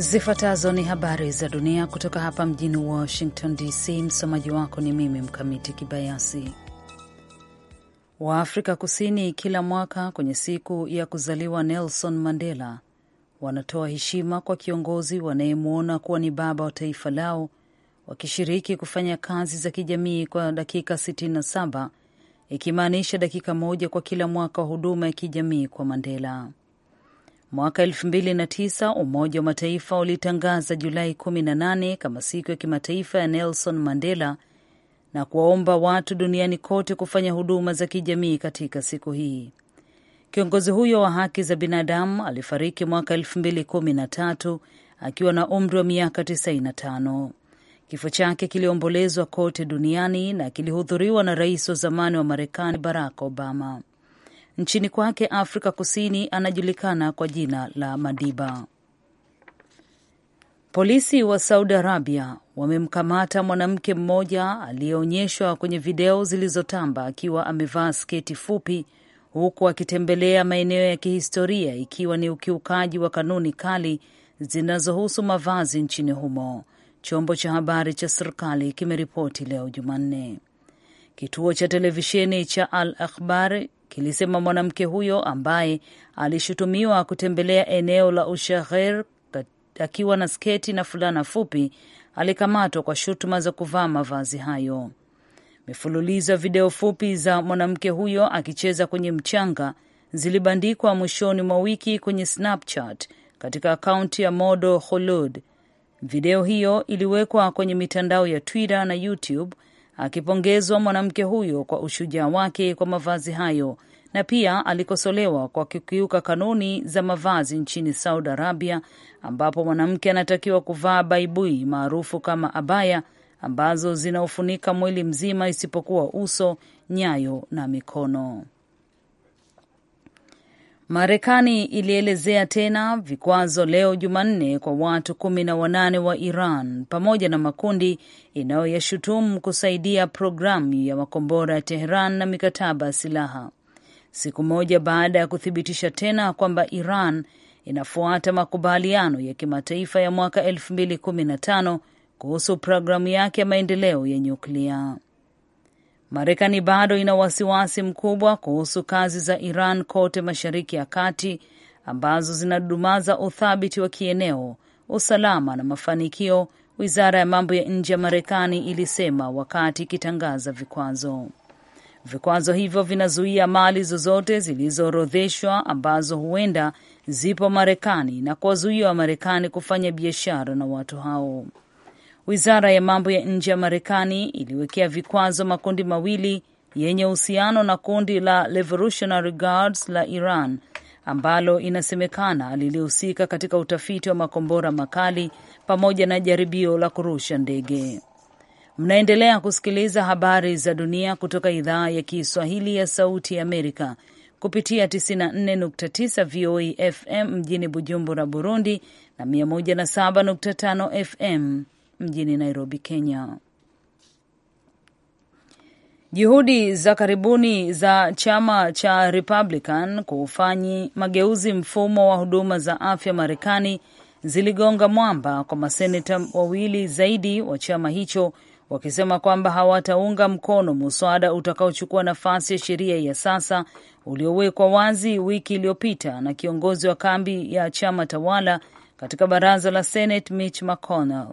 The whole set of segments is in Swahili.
Zifuatazo ni habari za dunia kutoka hapa mjini Washington DC. Msomaji wako ni mimi Mkamiti Kibayasi. Waafrika Kusini kila mwaka kwenye siku ya kuzaliwa Nelson Mandela wanatoa heshima kwa kiongozi wanayemwona kuwa ni baba wa taifa lao, wakishiriki kufanya kazi za kijamii kwa dakika 67 ikimaanisha dakika moja kwa kila mwaka wa huduma ya kijamii kwa Mandela. Mwaka 2009 Umoja wa Mataifa ulitangaza Julai 18 kama siku ya kimataifa ya Nelson Mandela na kuwaomba watu duniani kote kufanya huduma za kijamii katika siku hii. Kiongozi huyo wa haki za binadamu alifariki mwaka 2013 akiwa na umri wa miaka 95. Kifo chake kiliombolezwa kote duniani na kilihudhuriwa na rais wa zamani wa Marekani Barack Obama. Nchini kwake Afrika Kusini anajulikana kwa jina la Madiba. Polisi wa Saudi Arabia wamemkamata mwanamke mmoja aliyeonyeshwa kwenye video zilizotamba akiwa amevaa sketi fupi huku akitembelea maeneo ya kihistoria ikiwa ni ukiukaji wa kanuni kali zinazohusu mavazi nchini humo, chombo cha habari cha serikali kimeripoti leo Jumanne. Kituo cha televisheni cha Al Akhbar kilisema mwanamke huyo ambaye alishutumiwa kutembelea eneo la ushagher akiwa na sketi na fulana fupi alikamatwa kwa shutuma za kuvaa mavazi hayo. Mifululizo ya video fupi za mwanamke huyo akicheza kwenye mchanga zilibandikwa mwishoni mwa wiki kwenye Snapchat katika akaunti ya Modo holud Video hiyo iliwekwa kwenye mitandao ya Twitter na YouTube akipongezwa mwanamke huyo kwa ushujaa wake kwa mavazi hayo, na pia alikosolewa kwa kukiuka kanuni za mavazi nchini Saudi Arabia, ambapo mwanamke anatakiwa kuvaa baibui maarufu kama abaya ambazo zinaofunika mwili mzima isipokuwa uso, nyayo na mikono. Marekani ilielezea tena vikwazo leo Jumanne kwa watu kumi na wanane wa Iran pamoja na makundi inayoyashutumu kusaidia programu ya makombora ya Teheran na mikataba ya silaha, siku moja baada ya kuthibitisha tena kwamba Iran inafuata makubaliano ya kimataifa ya mwaka 2015 kuhusu programu yake ya maendeleo ya nyuklia. Marekani bado ina wasiwasi mkubwa kuhusu kazi za Iran kote Mashariki ya Kati ambazo zinadumaza uthabiti wa kieneo, usalama na mafanikio, wizara ya mambo ya nje ya Marekani ilisema wakati ikitangaza vikwazo. Vikwazo hivyo vinazuia mali zozote zilizoorodheshwa ambazo huenda zipo Marekani na kuwazuia Wamarekani kufanya biashara na watu hao. Wizara ya mambo ya nje ya Marekani iliwekea vikwazo makundi mawili yenye uhusiano na kundi la Revolutionary Guards la Iran ambalo inasemekana lilihusika katika utafiti wa makombora makali pamoja na jaribio la kurusha ndege. Mnaendelea kusikiliza habari za dunia kutoka idhaa ya Kiswahili ya Sauti ya Amerika kupitia 94.9 VOA FM mjini Bujumbura, Burundi na 107.5 FM mjini Nairobi, Kenya. Juhudi za karibuni za chama cha Republican kuufanyi mageuzi mfumo wa huduma za afya Marekani ziligonga mwamba kwa maseneta wawili zaidi wa chama hicho wakisema kwamba hawataunga mkono muswada utakaochukua nafasi ya sheria ya sasa uliowekwa wazi wiki iliyopita na kiongozi wa kambi ya chama tawala katika baraza la Senate Mitch McConnell.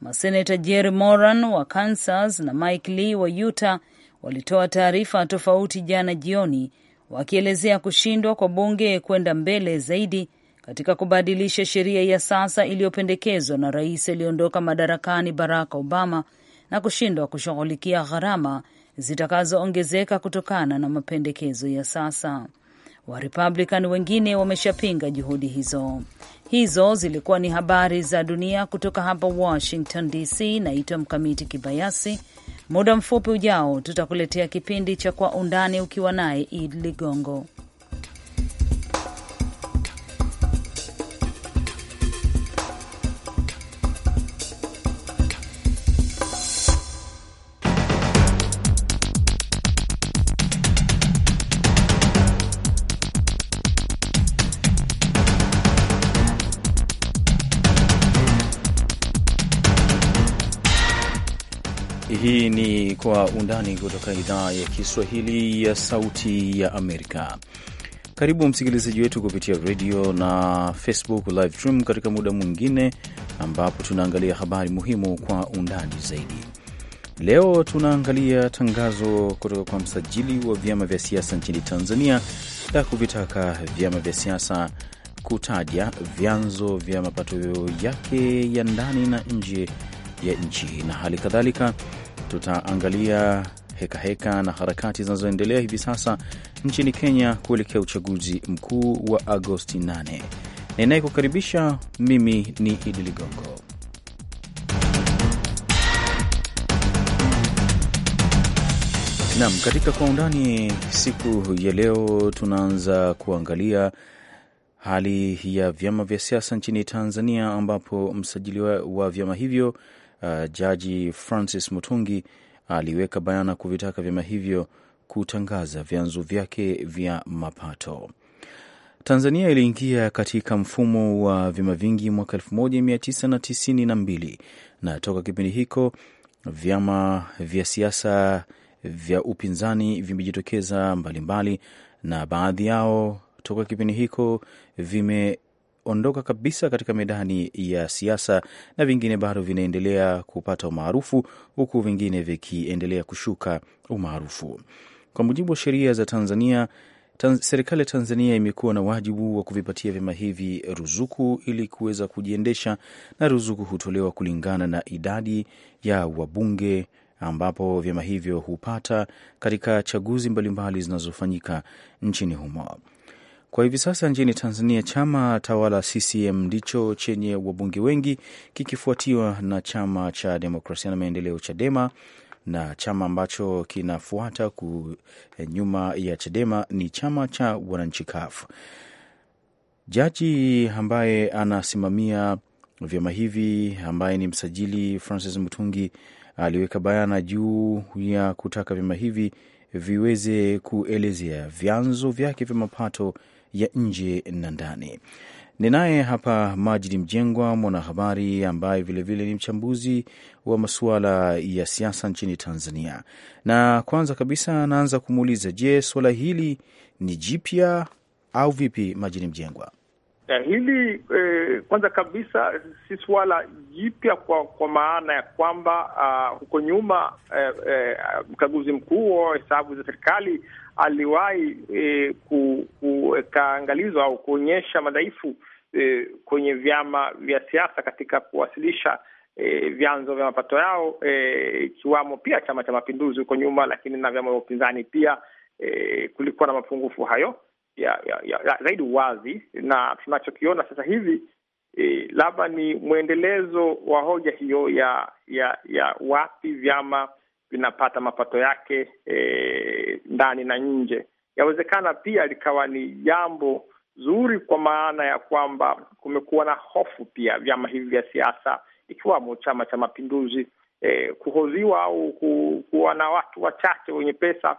Maseneta Jerry Moran wa Kansas na Mike Lee wa Utah walitoa taarifa tofauti jana jioni wakielezea kushindwa kwa bunge kwenda mbele zaidi katika kubadilisha sheria ya sasa iliyopendekezwa na rais aliyeondoka madarakani Barack Obama na kushindwa kushughulikia gharama zitakazoongezeka kutokana na mapendekezo ya sasa. Warepublican wengine wameshapinga juhudi hizo. Hizo zilikuwa ni habari za dunia kutoka hapa Washington DC. Naitwa Mkamiti Kibayasi. Muda mfupi ujao tutakuletea kipindi cha Kwa Undani ukiwa naye Id Ligongo. Undani kutoka idhaa ya Kiswahili ya Sauti ya Amerika. Karibu msikilizaji wetu kupitia redio na Facebook live stream katika muda mwingine ambapo tunaangalia habari muhimu kwa undani zaidi. Leo tunaangalia tangazo kutoka kwa msajili wa vyama vya siasa nchini Tanzania la kuvitaka vyama vya siasa kutaja vyanzo vya mapato yake ya ndani na nje ya nchi na hali kadhalika tutaangalia hekaheka heka na harakati zinazoendelea hivi sasa nchini Kenya kuelekea uchaguzi mkuu wa Agosti 8. Ninayekukaribisha mimi ni Idi Ligongo. Naam, katika kwa undani siku ya leo tunaanza kuangalia hali ya vyama vya siasa nchini Tanzania ambapo msajili wa vyama hivyo uh, Jaji Francis Mutungi aliweka bayana kuvitaka vyama hivyo kutangaza vyanzo vyake vya mapato. Tanzania iliingia katika mfumo wa vyama vingi mwaka 1992 na toka kipindi hiko vyama vya siasa vya upinzani vimejitokeza mbalimbali, na baadhi yao toka kipindi hiko vime vimeondoka kabisa katika medani ya siasa na vingine bado vinaendelea kupata umaarufu huku vingine vikiendelea kushuka umaarufu. Kwa mujibu wa sheria za Tanzania, serikali ya Tanzania imekuwa na wajibu wa kuvipatia vyama hivi ruzuku ili kuweza kujiendesha, na ruzuku hutolewa kulingana na idadi ya wabunge ambapo vyama hivyo hupata katika chaguzi mbalimbali zinazofanyika nchini humo. Kwa hivi sasa nchini Tanzania, chama tawala CCM ndicho chenye wabunge wengi kikifuatiwa na chama cha demokrasia na maendeleo CHADEMA, na chama ambacho kinafuata ku eh, nyuma ya CHADEMA ni chama cha wananchi CUF. Jaji ambaye anasimamia vyama hivi ambaye ni msajili Francis Mutungi aliweka bayana juu ya kutaka vyama hivi viweze kuelezea vyanzo vyake vya mapato ya nje na ndani. Ninaye hapa Majidi Mjengwa, mwanahabari ambaye vilevile ni mchambuzi wa masuala ya siasa nchini Tanzania, na kwanza kabisa anaanza kumuuliza, je, suala hili ni jipya au vipi, Majidi Mjengwa? Ya eh, hili eh, kwanza kabisa si suala jipya kwa kwa maana ya kwamba uh, huko nyuma eh, eh, mkaguzi mkuu wa hesabu za serikali aliwahi e, eh, kukaangalizwa au kuonyesha madhaifu e, kwenye vyama vya siasa katika kuwasilisha e, vyanzo vya mapato yao ikiwamo e, pia Chama cha Mapinduzi huko nyuma, lakini na vyama vya upinzani pia e, kulikuwa na mapungufu hayo ya, ya, ya zaidi uwazi, na tunachokiona sasa hivi e, labda ni mwendelezo wa hoja hiyo ya ya ya wapi vyama vinapata mapato yake e, ndani na nje. Yawezekana pia likawa ni jambo zuri kwa maana ya kwamba kumekuwa na hofu pia vyama hivi vya siasa ikiwamo Chama cha Mapinduzi eh, kuhoziwa au ku, kuwa na watu wachache wenye pesa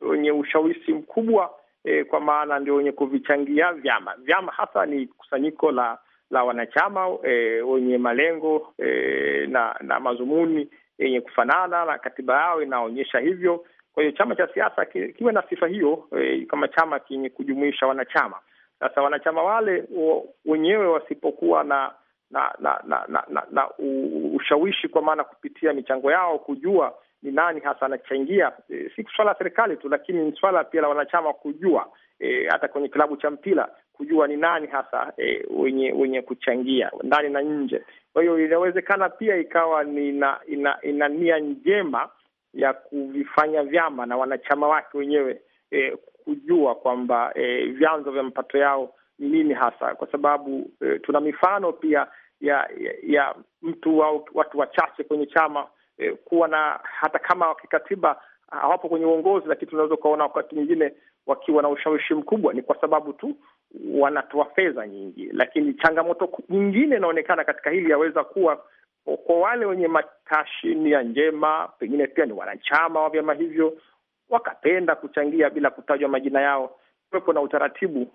wenye ushawishi mkubwa eh, kwa maana ndio wenye kuvichangia vyama. Vyama hasa ni kusanyiko la la wanachama eh, wenye malengo eh, na na mazumuni yenye kufanana na katiba yao inaonyesha hivyo. Kwa hiyo chama cha siasa kiwe na sifa hiyo e, kama chama chenye kujumuisha wanachama. Sasa wanachama wale wenyewe wasipokuwa na na na na, na, na, na ushawishi kwa maana kupitia michango yao kujua ni nani hasa anachangia, e, si swala la serikali tu, lakini ni swala pia la wanachama kujua e, hata kwenye klabu cha mpira kujua ni nani hasa e, wenye wenye kuchangia ndani na nje. Kwa hiyo inawezekana pia ikawa ni ina, ina, ina nia njema ya kuvifanya vyama na wanachama wake wenyewe eh, kujua kwamba eh, vyanzo vya mapato yao ni nini hasa, kwa sababu eh, tuna mifano pia ya ya, ya mtu au watu wachache kwenye chama eh, kuwa na hata kama wakikatiba hawapo kwenye uongozi, lakini tunaweza ukaona wakati mwingine wakiwa na ushawishi mkubwa, ni kwa sababu tu wanatoa fedha nyingi. Lakini changamoto nyingine inaonekana katika hili yaweza kuwa kwa wale wenye matashi ya njema, pengine pia ni wanachama wa vyama hivyo, wakapenda kuchangia bila kutajwa majina yao, kuwepo na utaratibu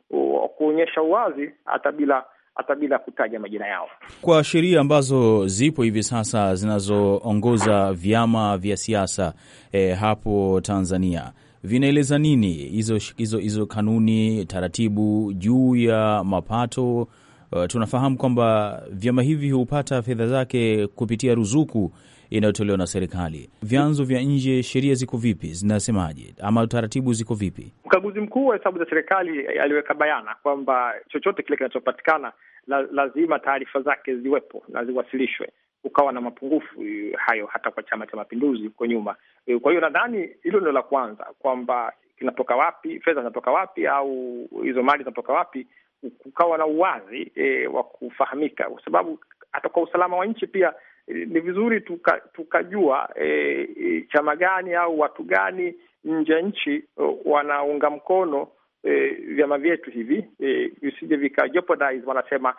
wa kuonyesha uwazi hata bila hata bila kutaja majina yao. Kwa sheria ambazo zipo hivi sasa zinazoongoza vyama vya siasa eh, hapo Tanzania vinaeleza nini hizo hizo hizo kanuni taratibu juu ya mapato Uh, tunafahamu kwamba vyama hivi hupata fedha zake kupitia ruzuku inayotolewa na serikali. Vyanzo vya nje, sheria ziko vipi, zinasemaje ama taratibu ziko vipi? Mkaguzi mkuu wa hesabu za serikali aliweka bayana kwamba chochote kile kinachopatikana la, lazima taarifa zake ziwepo na ziwasilishwe. Ukawa na mapungufu hayo hata kwa Chama cha Mapinduzi huko nyuma. Kwa hiyo nadhani hilo ndio la kwanza, kwamba kinatoka wapi, fedha zinatoka wapi, au hizo mali zinatoka wapi, kukawa na uwazi e, wa kufahamika, kwa sababu hata kwa usalama wa nchi pia e, ni vizuri tuka, tukajua e, e, chama gani au watu gani nje ya nchi e, wanaunga mkono e, vyama vyetu hivi e, visije vika jeopardize, wanasema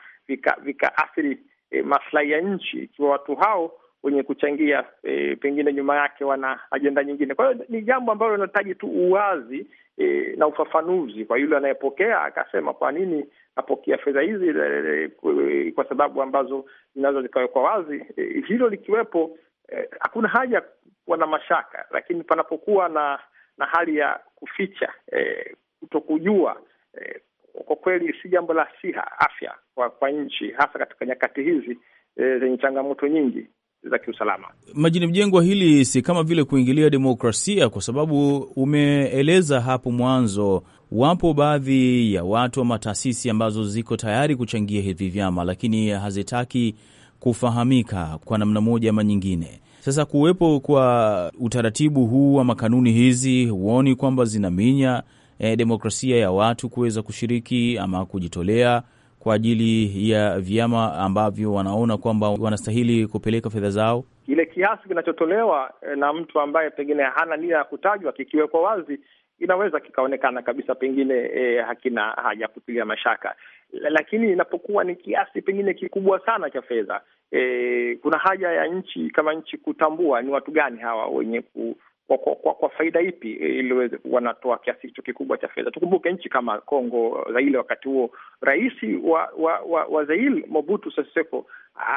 vikaathiri vika e, maslahi ya nchi ikiwa watu hao wenye kuchangia e, pengine nyuma yake wana ajenda nyingine. Kwa hiyo ni jambo ambalo linahitaji tu uwazi e, na ufafanuzi kwa yule anayepokea, akasema kwa nini napokea fedha hizi e, kwa sababu ambazo zinazo zikawekwa wazi. E, hilo likiwepo, e, hakuna e, haja kuwa na mashaka, lakini panapokuwa na na hali ya kuficha e, kutokujua e, kwa kweli si jambo la siha afya kwa, kwa nchi hasa katika nyakati hizi e, zenye changamoto nyingi za kiusalama. Majini Mjengwa, hili si kama vile kuingilia demokrasia, kwa sababu umeeleza hapo mwanzo, wapo baadhi ya watu ama taasisi ambazo ziko tayari kuchangia hivi vyama, lakini hazitaki kufahamika kwa namna moja ama nyingine. Sasa kuwepo kwa utaratibu huu ama kanuni hizi, huoni kwamba zinaminya e, demokrasia ya watu kuweza kushiriki ama kujitolea kwa ajili ya vyama ambavyo wanaona kwamba wanastahili kupeleka fedha zao? Kile kiasi kinachotolewa eh, na mtu ambaye pengine hana nia ya kutajwa kikiwekwa wazi inaweza kikaonekana kabisa pengine e, hakina haja kutilia mashaka, lakini inapokuwa ni kiasi pengine kikubwa sana cha fedha e, kuna haja ya nchi kama nchi kutambua ni watu gani hawa wenye ku, kwa, kwa, kwa faida ipi e, ili wanatoa kiasi hicho kikubwa cha fedha? Tukumbuke nchi kama congo uh, Zaile, wakati huo rais wa, wa, wa, wa Zaire Mobutu Sese Seko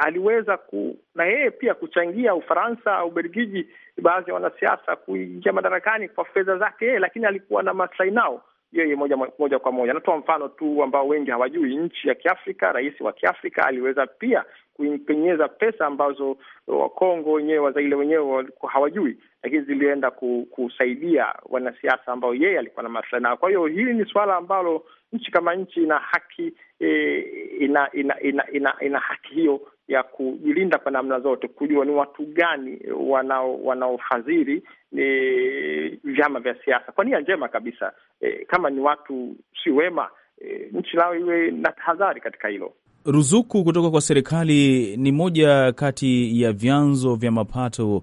aliweza ku, na yeye pia kuchangia Ufaransa, Ubelgiji, baadhi ya wanasiasa kuingia madarakani kwa fedha zake yeye, lakini alikuwa na maslahi nao yeye moja moja kwa moja. Natoa mfano tu ambao wengi hawajui, nchi ya Kiafrika, rais wa Kiafrika aliweza pia kuipenyeza pesa ambazo uh, Wakongo wenyewe wazaile wenyewe walikuwa hawajui, lakini zilienda kusaidia wanasiasa ambao yeye alikuwa na maslahi nao. Kwa hiyo hili ni suala ambalo nchi kama nchi ina haki e, ina, ina, ina, ina, ina haki hiyo ya kujilinda kwa namna zote, kujua ni watu gani wanao wanaofadhili ni vyama vya siasa kwa nia njema kabisa. E, kama ni watu si wema, e, nchi lao iwe na tahadhari katika hilo. Ruzuku kutoka kwa serikali ni moja kati ya vyanzo vya mapato uh,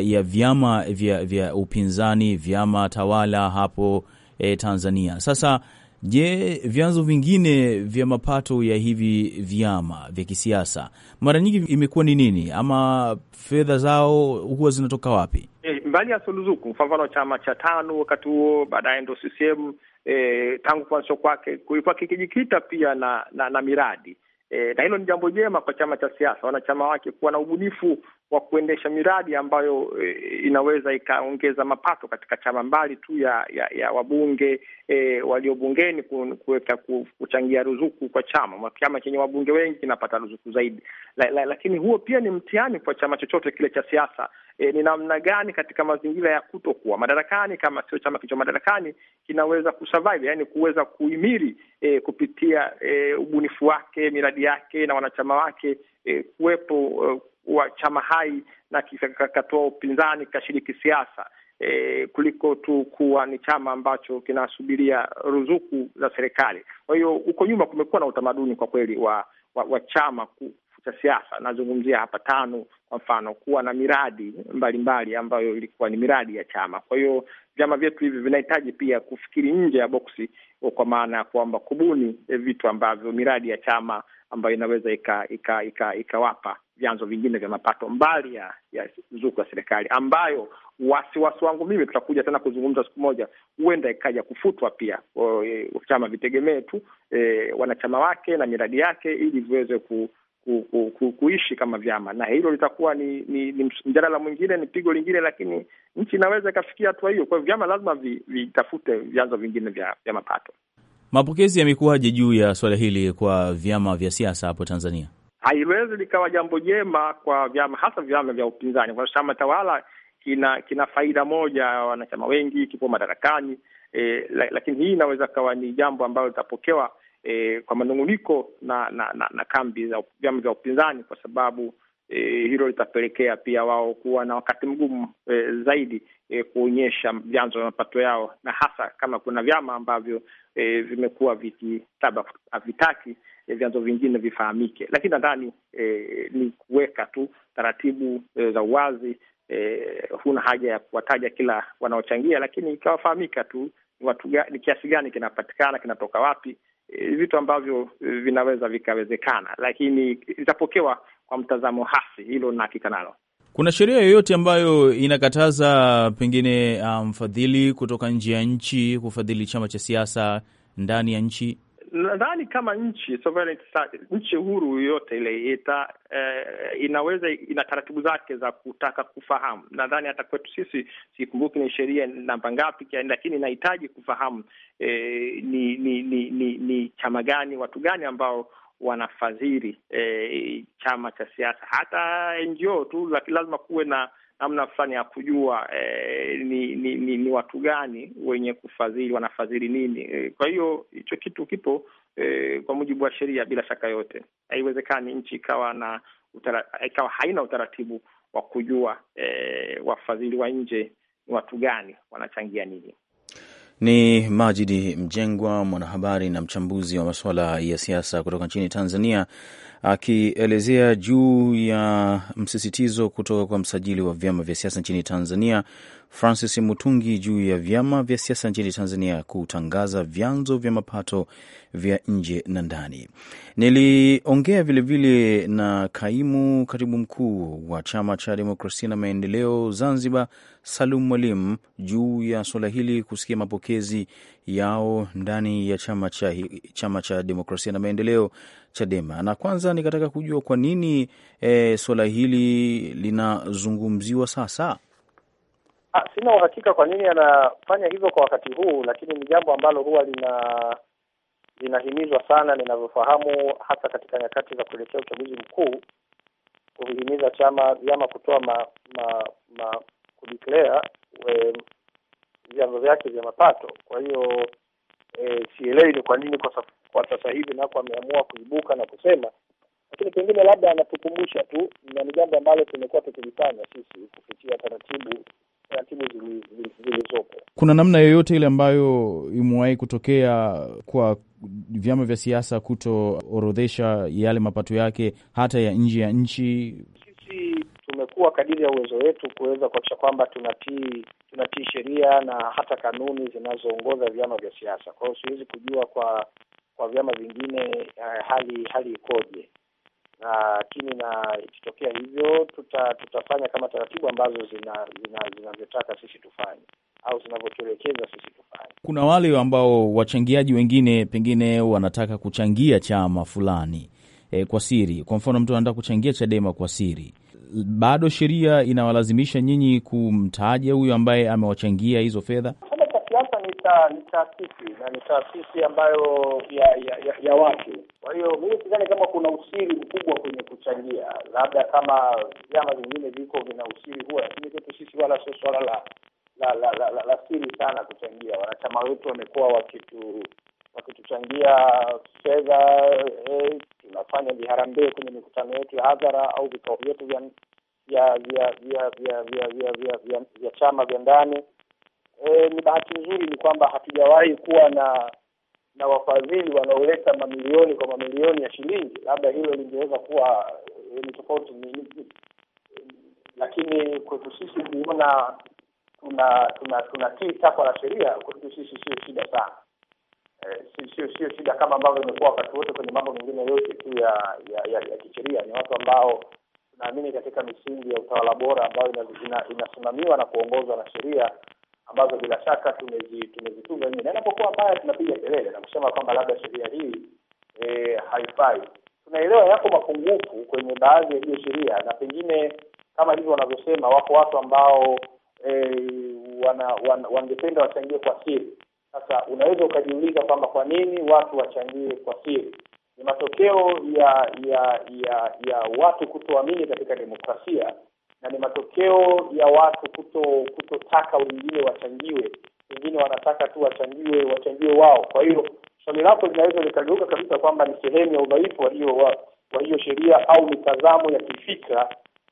ya vyama vya, vya upinzani vyama tawala hapo eh, Tanzania sasa Je, vyanzo vingine vya mapato ya hivi vyama vya kisiasa mara nyingi imekuwa ni nini, ama fedha zao huwa zinatoka wapi? E, mbali ya suluzuku, kwa mfano chama cha tano wakati huo, baadaye ndo CCM. E, tangu kuanzishwa kwake kulikuwa kikijikita pia na na, na miradi e, na hilo ni jambo jema kwa chama cha siasa, wanachama wake kuwa na ubunifu wa kuendesha miradi ambayo e, inaweza ikaongeza mapato katika chama mbali tu ya, ya, ya wabunge e, walio bungeni kuweka kuchangia ruzuku kwa chama. Chama chenye wabunge wengi kinapata ruzuku zaidi la, la, lakini huo pia ni mtihani kwa chama chochote kile cha siasa e, ni namna gani katika mazingira ya kutokuwa madarakani, kama sio chama kilicho madarakani kinaweza kusurvive, yani kuweza kuhimiri e, kupitia e, ubunifu wake, miradi yake na wanachama wake e, kuwepo e, wa chama hai na kikatoa upinzani kashiriki siasa e, kuliko tu kuwa ni chama ambacho kinasubiria ruzuku za serikali. Kwa hiyo huko nyuma kumekuwa na utamaduni kwa kweli wa, wa, wa chama ku, cha siasa. Nazungumzia hapa tano kwa mfano, kuwa na miradi mbalimbali mbali ambayo ilikuwa ni miradi ya chama. Kwa hiyo vyama vyetu hivi vinahitaji pia kufikiri nje ya boksi, kwa maana ya kwamba kubuni e, vitu ambavyo miradi ya chama ambayo inaweza ikawapa ika, ika, ika vyanzo vingine vya mapato mbali ya ya ruzuku ya serikali, ambayo wasiwasi wangu mimi, tutakuja tena kuzungumza siku moja, huenda ikaja kufutwa pia, e, chama vitegemee tu e, wanachama wake na miradi yake ili viweze ku Ku, ku, ku, kuishi kama vyama na hilo litakuwa ni, ni, ni mjadala mwingine, ni pigo lingine, lakini nchi inaweza ikafikia hatua hiyo. Kwa hiyo vyama lazima vitafute vi vyanzo vingine vya, vya mapato. Mapokezi yamekuwaje juu ya suala hili kwa vyama vya siasa hapo Tanzania? haiwezi likawa jambo jema kwa vyama, hasa vyama vya upinzani, kwa chama tawala kina kina faida moja, wanachama wengi, kipo madarakani e, lakini hii inaweza kawa ni jambo ambalo litapokewa e, kwa manunguniko na na, na na kambi za vyama vya upinzani, kwa sababu E, hilo litapelekea pia wao kuwa na wakati mgumu e, zaidi e, kuonyesha vyanzo vya mapato yao, na hasa kama kuna vyama ambavyo e, vimekuwa vikitaba havitaki e, vyanzo vingine vifahamike. Lakini nadhani e, ni kuweka tu taratibu e, za uwazi e, huna haja ya kuwataja kila wanaochangia, lakini ikawafahamika tu ni watu ni kiasi gani kinapatikana, kinatoka wapi, e, vitu ambavyo e, vinaweza vikawezekana, lakini itapokewa kwa mtazamo hasi, hilo nahakika nalo. Kuna sheria yoyote ambayo inakataza pengine uh, mfadhili um, kutoka nje ya nchi kufadhili chama cha siasa ndani ya nchi? Nadhani kama nchi sovereign, nchi huru yoyote ile ita, eh, inaweza ina taratibu zake za kutaka kufahamu. Nadhani hata kwetu sisi, sikumbuki ni sheria namba ngapi, lakini inahitaji kufahamu eh, ni, ni, ni, ni, ni chama gani, watu gani ambao wanafadhili e, chama cha siasa, hata NGO tu, lakini lazima kuwe na namna fulani ya kujua e, ni, ni, ni, ni watu gani wenye kufadhili, wanafadhili nini e, kwa hiyo hicho kitu kipo e, kwa mujibu wa sheria. Bila shaka yote haiwezekani nchi ikawa na utara, ikawa haina utaratibu wa kujua e, wafadhili wa nje ni watu gani, wanachangia nini. Ni Majidi Mjengwa, mwanahabari na mchambuzi wa masuala ya siasa kutoka nchini Tanzania, akielezea juu ya msisitizo kutoka kwa msajili wa vyama vya siasa nchini Tanzania Francis Mutungi juu ya vyama vya siasa nchini Tanzania kutangaza vyanzo vya mapato vya nje na ndani. Niliongea vilevile na kaimu katibu mkuu wa Chama cha Demokrasia na Maendeleo Zanzibar, Salum Mwalimu, juu ya suala hili, kusikia mapokezi yao ndani ya chama cha, chama cha demokrasia na maendeleo Chadema. Na kwanza nikataka kujua kwa nini e, eh, suala hili linazungumziwa sasa. Ha, ah, sina uhakika kwa nini anafanya hivyo kwa wakati huu, lakini ni jambo ambalo huwa lina linahimizwa sana ninavyofahamu, hasa katika nyakati za kuelekea uchaguzi mkuu, kuhimiza chama vyama kutoa ma, ma, ma kudeclare eh, vyanzo vyake vya mapato. Kwa hiyo e, sielewi ni kwa nini kwa, sasa hivi nako ameamua kuibuka na kusema, lakini pengine labda anatukumbusha tu, na ni jambo ambalo tumekuwa tukilifanya sisi kupitia taratibu taratibu zilizopo. Kuna namna yoyote ile ambayo imewahi kutokea kwa vyama vya siasa kutoorodhesha yale mapato yake hata ya nje ya nchi? kuwa kadiri ya uwezo wetu kuweza kuhakikisha kwamba tunatii tunatii sheria na hata kanuni zinazoongoza vyama vya siasa. Kwa hiyo siwezi kujua kwa kwa vyama vingine uh, hali hali ikoje, lakini na ikitokea hivyo tuta, tutafanya kama taratibu ambazo zinavyotaka zina, zina sisi tufanye au zinavyotuelekeza sisi tufanye. Kuna wale ambao wachangiaji wengine pengine wanataka kuchangia chama fulani e, kwa siri. Kwa mfano mtu anataka kuchangia Chadema kwa siri bado sheria inawalazimisha nyinyi kumtaja huyo ambaye amewachangia hizo fedha? Chama cha siasa ni taasisi na ni taasisi ambayo ya, ya, ya, ya watu. Kwa hiyo mimi sidhani kama kuna usiri mkubwa kwenye kuchangia, labda kama vyama vingine viko vina usiri huo, lakini kwetu sisi wala sio suala la la la, la la la siri sana kuchangia. Wanachama wetu wamekuwa wakitu wakituchangia fedha eh, tunafanya viharambee kwenye mikutano yetu ya hadhara au vikao vyetu vya vya vya vya vya vya chama vya ndani. E, ni bahati nzuri ni kwamba hatujawahi kuwa na na wafadhili wanaoleta mamilioni kwa mamilioni ya shilingi, labda hilo lingeweza kuwa e, ni tofauti, lakini kwetu sisi kuona tuna tuna tunatii takwa la sheria kwetu sisi sio shida sana. Eh, sio sio shida kama ambavyo imekuwa wakati wote kwenye mambo mengine yote tu ya ya, ya, ya kisheria. Ni watu ambao tunaamini katika misingi ya utawala bora ambayo inasimamiwa na kuongozwa na sheria ambazo bila shaka tumezitunga nne, na inapokuwa mbaya tunapiga kelele na kusema kwamba labda sheria hii e, haifai. Tunaelewa yako mapungufu kwenye baadhi ya hiyo sheria, na pengine kama hivyo wanavyosema, wako watu ambao e, wana, wan, wangependa wachangie kwa siri sasa unaweza ukajiuliza kwamba kwa nini watu wachangie kwa siri? Ni matokeo ya ya ya ya watu kutoamini katika demokrasia na ni matokeo ya watu kuto kutotaka wengine wachangiwe. Wengine wanataka tu wachangiwe wachangiwe wao. Kwa hiyo swali lako linaweza likageuka kabisa kwamba ni sehemu ya udhaifu wa hiyo wa hiyo sheria au mitazamo ya kifikra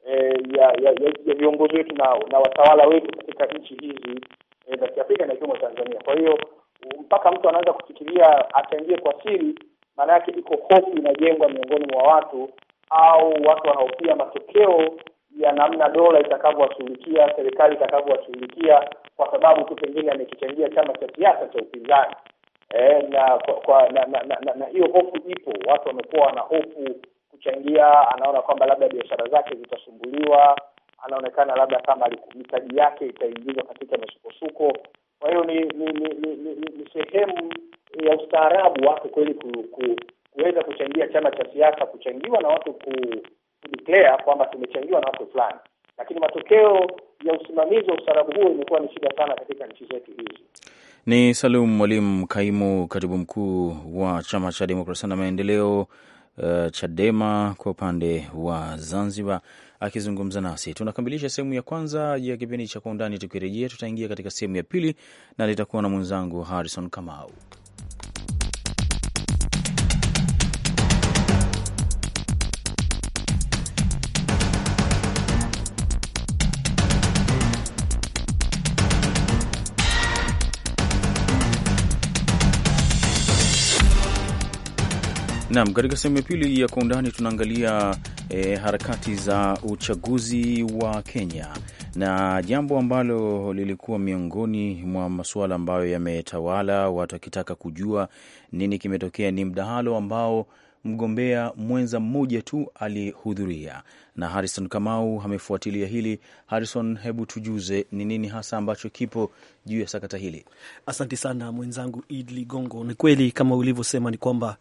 eh, ya ya, ya viongozi wetu na, na watawala wetu katika nchi hizi eh, za eh, Kiafrika na ikiwemo Tanzania. Kwa hiyo mpaka mtu anaweza kufikiria achangie kwa siri, maana yake iko hofu inajengwa miongoni mwa watu, au watu wanahofia matokeo ya namna dola itakavyowashughulikia, serikali itakavyowashughulikia, kwa sababu tu pengine amekichangia chama cha siasa cha upinzani. E, na, kwa, na, na, na, na, na hiyo hofu ipo. Watu wamekuwa wana hofu kuchangia, anaona kwamba labda biashara zake zitasumbuliwa, anaonekana labda kama mitaji yake itaingizwa katika misukosuko. Kwa hiyo ni ni, ni, ni, ni, ni sehemu ya ustaarabu wake kweli ku, ku, kuweza kuchangia chama cha siasa kuchangiwa na watu ku, ku declare kwamba tumechangiwa na watu fulani, lakini matokeo ya usimamizi wa ustaarabu huo imekuwa ni shida sana katika nchi zetu hizi. Ni Salum Mwalimu, kaimu katibu mkuu wa chama cha demokrasia na maendeleo uh, Chadema kwa upande wa Zanzibar akizungumza nasi. Tunakamilisha sehemu ya kwanza ya kipindi cha Kwa Undani. Tukirejea tutaingia katika sehemu ya pili, na litakuwa na mwenzangu Harrison Kamau. Naam, katika sehemu ya pili ya kwa undani tunaangalia e, harakati za uchaguzi wa Kenya na jambo ambalo lilikuwa miongoni mwa masuala ambayo yametawala watu wakitaka kujua nini kimetokea ni mdahalo ambao mgombea mwenza mmoja tu alihudhuria, na Harrison Kamau amefuatilia hili. Harrison, hebu tujuze ni nini hasa ambacho kipo juu ya sakata hili? Asante sana mwenzangu Id Ligongo. Ni kweli kama ulivyosema, ni kwamba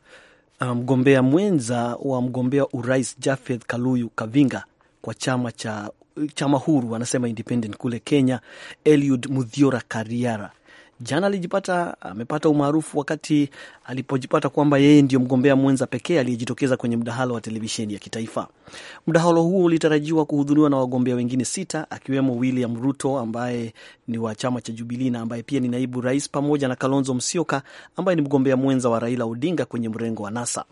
Uh, mgombea mwenza wa mgombea urais Jafeth Kaluyu Kavinga kwa chama cha chama huru anasema independent kule Kenya, Eliud mudhiora Kariara Jana alijipata amepata umaarufu wakati alipojipata kwamba yeye ndiyo mgombea mwenza pekee aliyejitokeza kwenye mdahalo wa televisheni ya kitaifa. Mdahalo huo ulitarajiwa kuhudhuriwa na wagombea wengine sita, akiwemo William Ruto ambaye ni wa chama cha Jubilii na ambaye pia ni naibu rais, pamoja na Kalonzo Musyoka ambaye ni mgombea mwenza wa Raila Odinga kwenye mrengo wa NASA.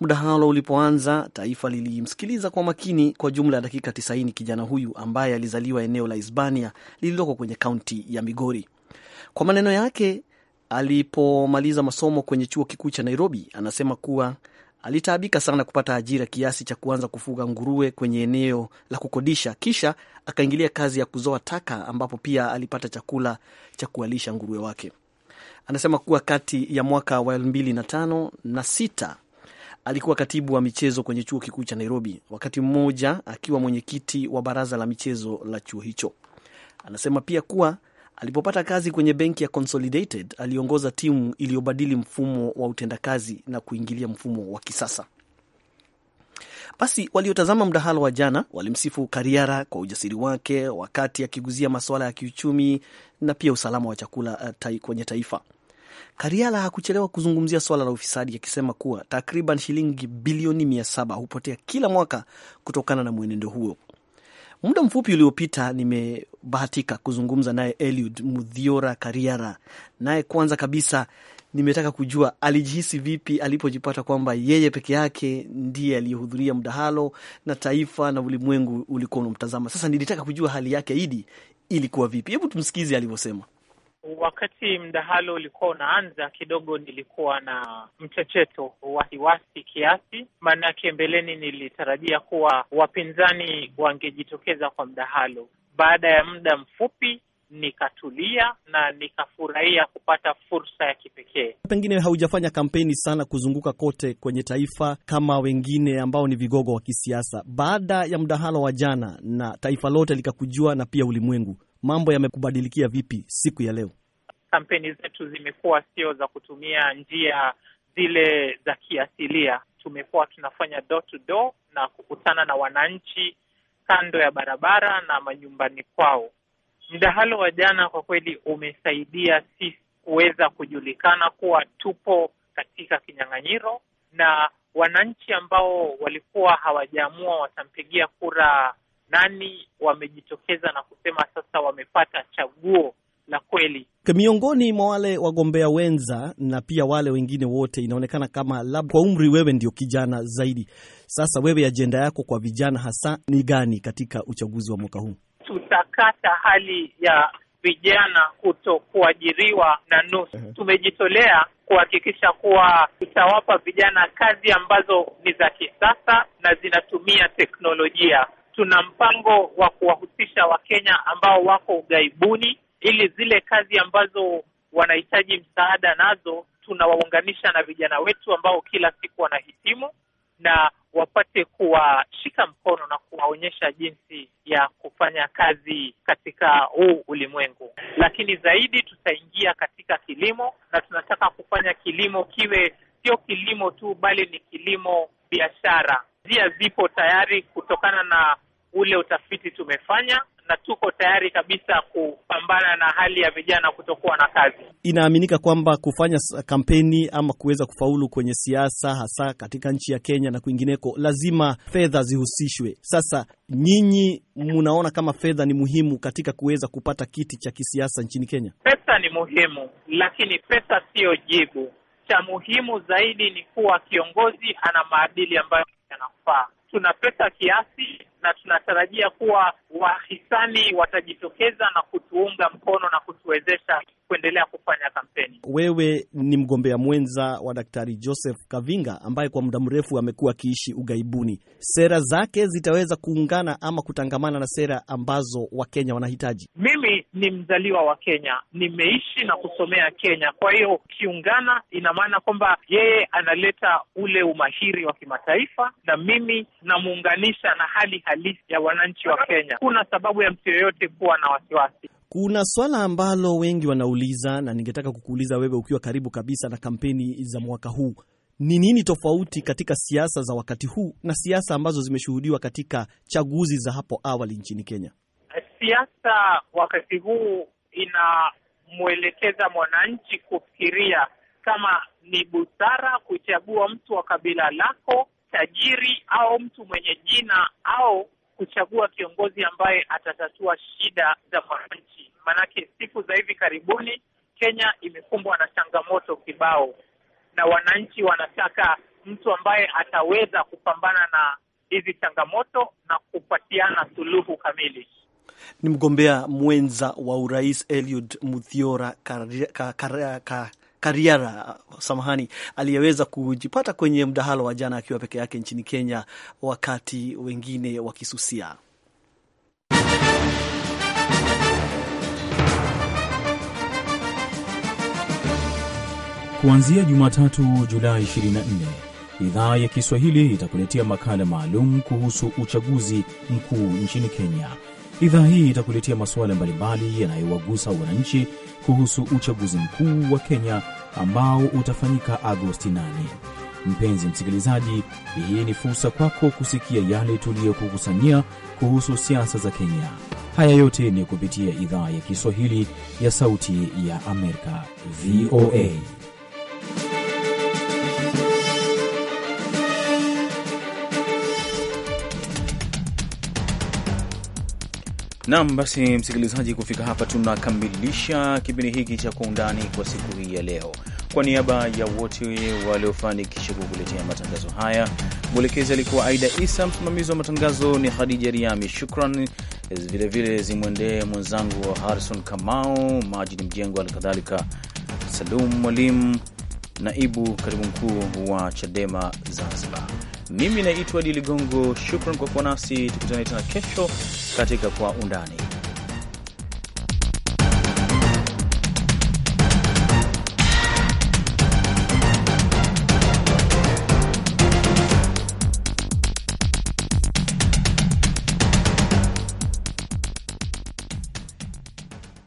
Mdahalo ulipoanza, taifa lilimsikiliza kwa makini kwa jumla ya dakika 90 kijana huyu ambaye alizaliwa eneo la Hispania lililoko kwenye kaunti ya Migori. Kwa maneno yake, alipomaliza masomo kwenye chuo kikuu cha Nairobi, anasema kuwa alitaabika sana kupata ajira kiasi cha kuanza kufuga nguruwe kwenye eneo la kukodisha, kisha akaingilia kazi ya kuzoa taka, ambapo pia alipata chakula cha kualisha nguruwe wake. Anasema kuwa kati ya mwaka wa elfu mbili na tano na sita alikuwa katibu wa michezo kwenye chuo kikuu cha Nairobi, wakati mmoja akiwa mwenyekiti wa baraza la michezo la chuo hicho. Anasema pia kuwa Alipopata kazi kwenye benki ya Consolidated, aliongoza timu iliyobadili mfumo wa utendakazi na kuingilia mfumo wa kisasa. Basi waliotazama mdahalo wa jana walimsifu Kariara kwa ujasiri wake wakati akiguzia masuala ya kiuchumi na pia usalama wa chakula eh, kwenye taifa. Kariala hakuchelewa kuzungumzia swala la ufisadi akisema kuwa takriban shilingi bilioni mia saba hupotea kila mwaka kutokana na mwenendo huo. Muda mfupi uliopita nimebahatika kuzungumza naye Eliud Mudhiora Kariara. Naye kwanza kabisa nimetaka kujua alijihisi vipi alipojipata kwamba yeye peke yake ndiye aliyehudhuria mdahalo na taifa na ulimwengu ulikuwa unamtazama. Sasa nilitaka kujua hali yake idi ilikuwa vipi. Hebu tumsikize alivyosema. Wakati mdahalo ulikuwa unaanza, kidogo nilikuwa na mchecheto wasiwasi kiasi, maanake mbeleni nilitarajia kuwa wapinzani wangejitokeza kwa mdahalo. Baada ya muda mfupi nikatulia na nikafurahia kupata fursa ya kipekee. Pengine haujafanya kampeni sana kuzunguka kote kwenye taifa kama wengine ambao ni vigogo wa kisiasa. Baada ya mdahalo wa jana, na taifa lote likakujua na pia ulimwengu, mambo yamekubadilikia vipi siku ya leo? Kampeni zetu zimekuwa sio za kutumia njia zile za kiasilia. Tumekuwa tunafanya door to door na kukutana na wananchi kando ya barabara na manyumbani kwao. Mdahalo wa jana kwa kweli umesaidia sisi kuweza kujulikana kuwa tupo katika kinyang'anyiro, na wananchi ambao walikuwa hawajaamua watampigia kura nani wamejitokeza na kusema sasa wamepata chaguo la kweli miongoni mwa wale wagombea wenza na pia wale wengine wote. Inaonekana kama labda kwa umri wewe ndio kijana zaidi. Sasa wewe, ajenda yako kwa vijana hasa ni gani katika uchaguzi wa mwaka huu? Tutakata hali ya vijana kuto kuajiriwa na nusu. Tumejitolea kuhakikisha kuwa tutawapa vijana kazi ambazo ni za kisasa na zinatumia teknolojia tuna mpango wa kuwahusisha Wakenya ambao wako ughaibuni, ili zile kazi ambazo wanahitaji msaada nazo tunawaunganisha na vijana wetu ambao kila siku wanahitimu na wapate kuwashika mkono na kuwaonyesha jinsi ya kufanya kazi katika huu ulimwengu. Lakini zaidi tutaingia katika kilimo, na tunataka kufanya kilimo kiwe sio kilimo tu, bali ni kilimo biashara. Njia zipo tayari kutokana na ule utafiti tumefanya na tuko tayari kabisa kupambana na hali ya vijana kutokuwa na kazi. Inaaminika kwamba kufanya kampeni ama kuweza kufaulu kwenye siasa, hasa katika nchi ya Kenya na kwingineko, lazima fedha zihusishwe. Sasa nyinyi mnaona kama fedha ni muhimu katika kuweza kupata kiti cha kisiasa nchini Kenya? Pesa ni muhimu, lakini pesa siyo jibu. Cha muhimu zaidi ni kuwa kiongozi ana maadili ambayo yanafaa. Tuna pesa kiasi na tunatarajia kuwa wahisani watajitokeza na kutuunga mkono na kutuwezesha kuendelea kufanya kampeni. Wewe ni mgombea mwenza wa Daktari Joseph Kavinga ambaye kwa muda mrefu amekuwa akiishi ughaibuni. Sera zake zitaweza kuungana ama kutangamana na sera ambazo Wakenya wanahitaji. Mimi ni mzaliwa wa Kenya, nimeishi na kusomea Kenya, kwa hiyo kiungana, ina maana kwamba yeye analeta ule umahiri wa kimataifa na mimi namuunganisha na hali halisi ya wananchi wa Kenya. Kuna sababu ya mtu yoyote kuwa na wasiwasi. Kuna swala ambalo wengi wanauliza na ningetaka kukuuliza wewe ukiwa karibu kabisa na kampeni za mwaka huu. Ni nini tofauti katika siasa za wakati huu na siasa ambazo zimeshuhudiwa katika chaguzi za hapo awali nchini Kenya? Siasa wakati huu inamwelekeza mwananchi kufikiria kama ni busara kuchagua mtu wa kabila lako tajiri au mtu mwenye jina au kuchagua kiongozi ambaye atatatua shida za mwananchi. Maanake siku za hivi karibuni Kenya imekumbwa na changamoto kibao, na wananchi wanataka mtu ambaye ataweza kupambana na hizi changamoto na kupatiana suluhu kamili. Ni mgombea mwenza wa urais Eliud Muthiora Karara, Karara, Karara, Kariara, samahani, aliyeweza kujipata kwenye mdahalo wa jana akiwa peke yake nchini Kenya, wakati wengine wakisusia. Kuanzia Jumatatu Julai 24 idhaa ya Kiswahili itakuletea makala maalum kuhusu uchaguzi mkuu nchini Kenya Idhaa hii itakuletea masuala mbalimbali yanayowagusa wananchi kuhusu uchaguzi mkuu wa Kenya ambao utafanyika Agosti 8. Mpenzi msikilizaji, hii ni fursa kwako kusikia yale tuliyokukusanyia kuhusu siasa za Kenya. Haya yote ni kupitia idhaa ya Kiswahili ya Sauti ya Amerika, VOA. Nam, basi msikilizaji, kufika hapa tunakamilisha kipindi hiki cha Kwa Undani kwa siku hii ya leo. Kwa niaba ya wote waliofanikisha kukuletea matangazo haya, mwelekezi alikuwa Aida Isa, msimamizi wa matangazo ni Khadija Riami. Shukran vilevile zimwendee mwenzangu wa Harrison Kamau, Majid Mjengo, halikadhalika Salum Mwalimu, naibu katibu mkuu wa CHADEMA Zanzibar. Mimi naitwa Diligongo, shukran kwa kuwa nasi, tukutane tena kesho katika Kwa Undani.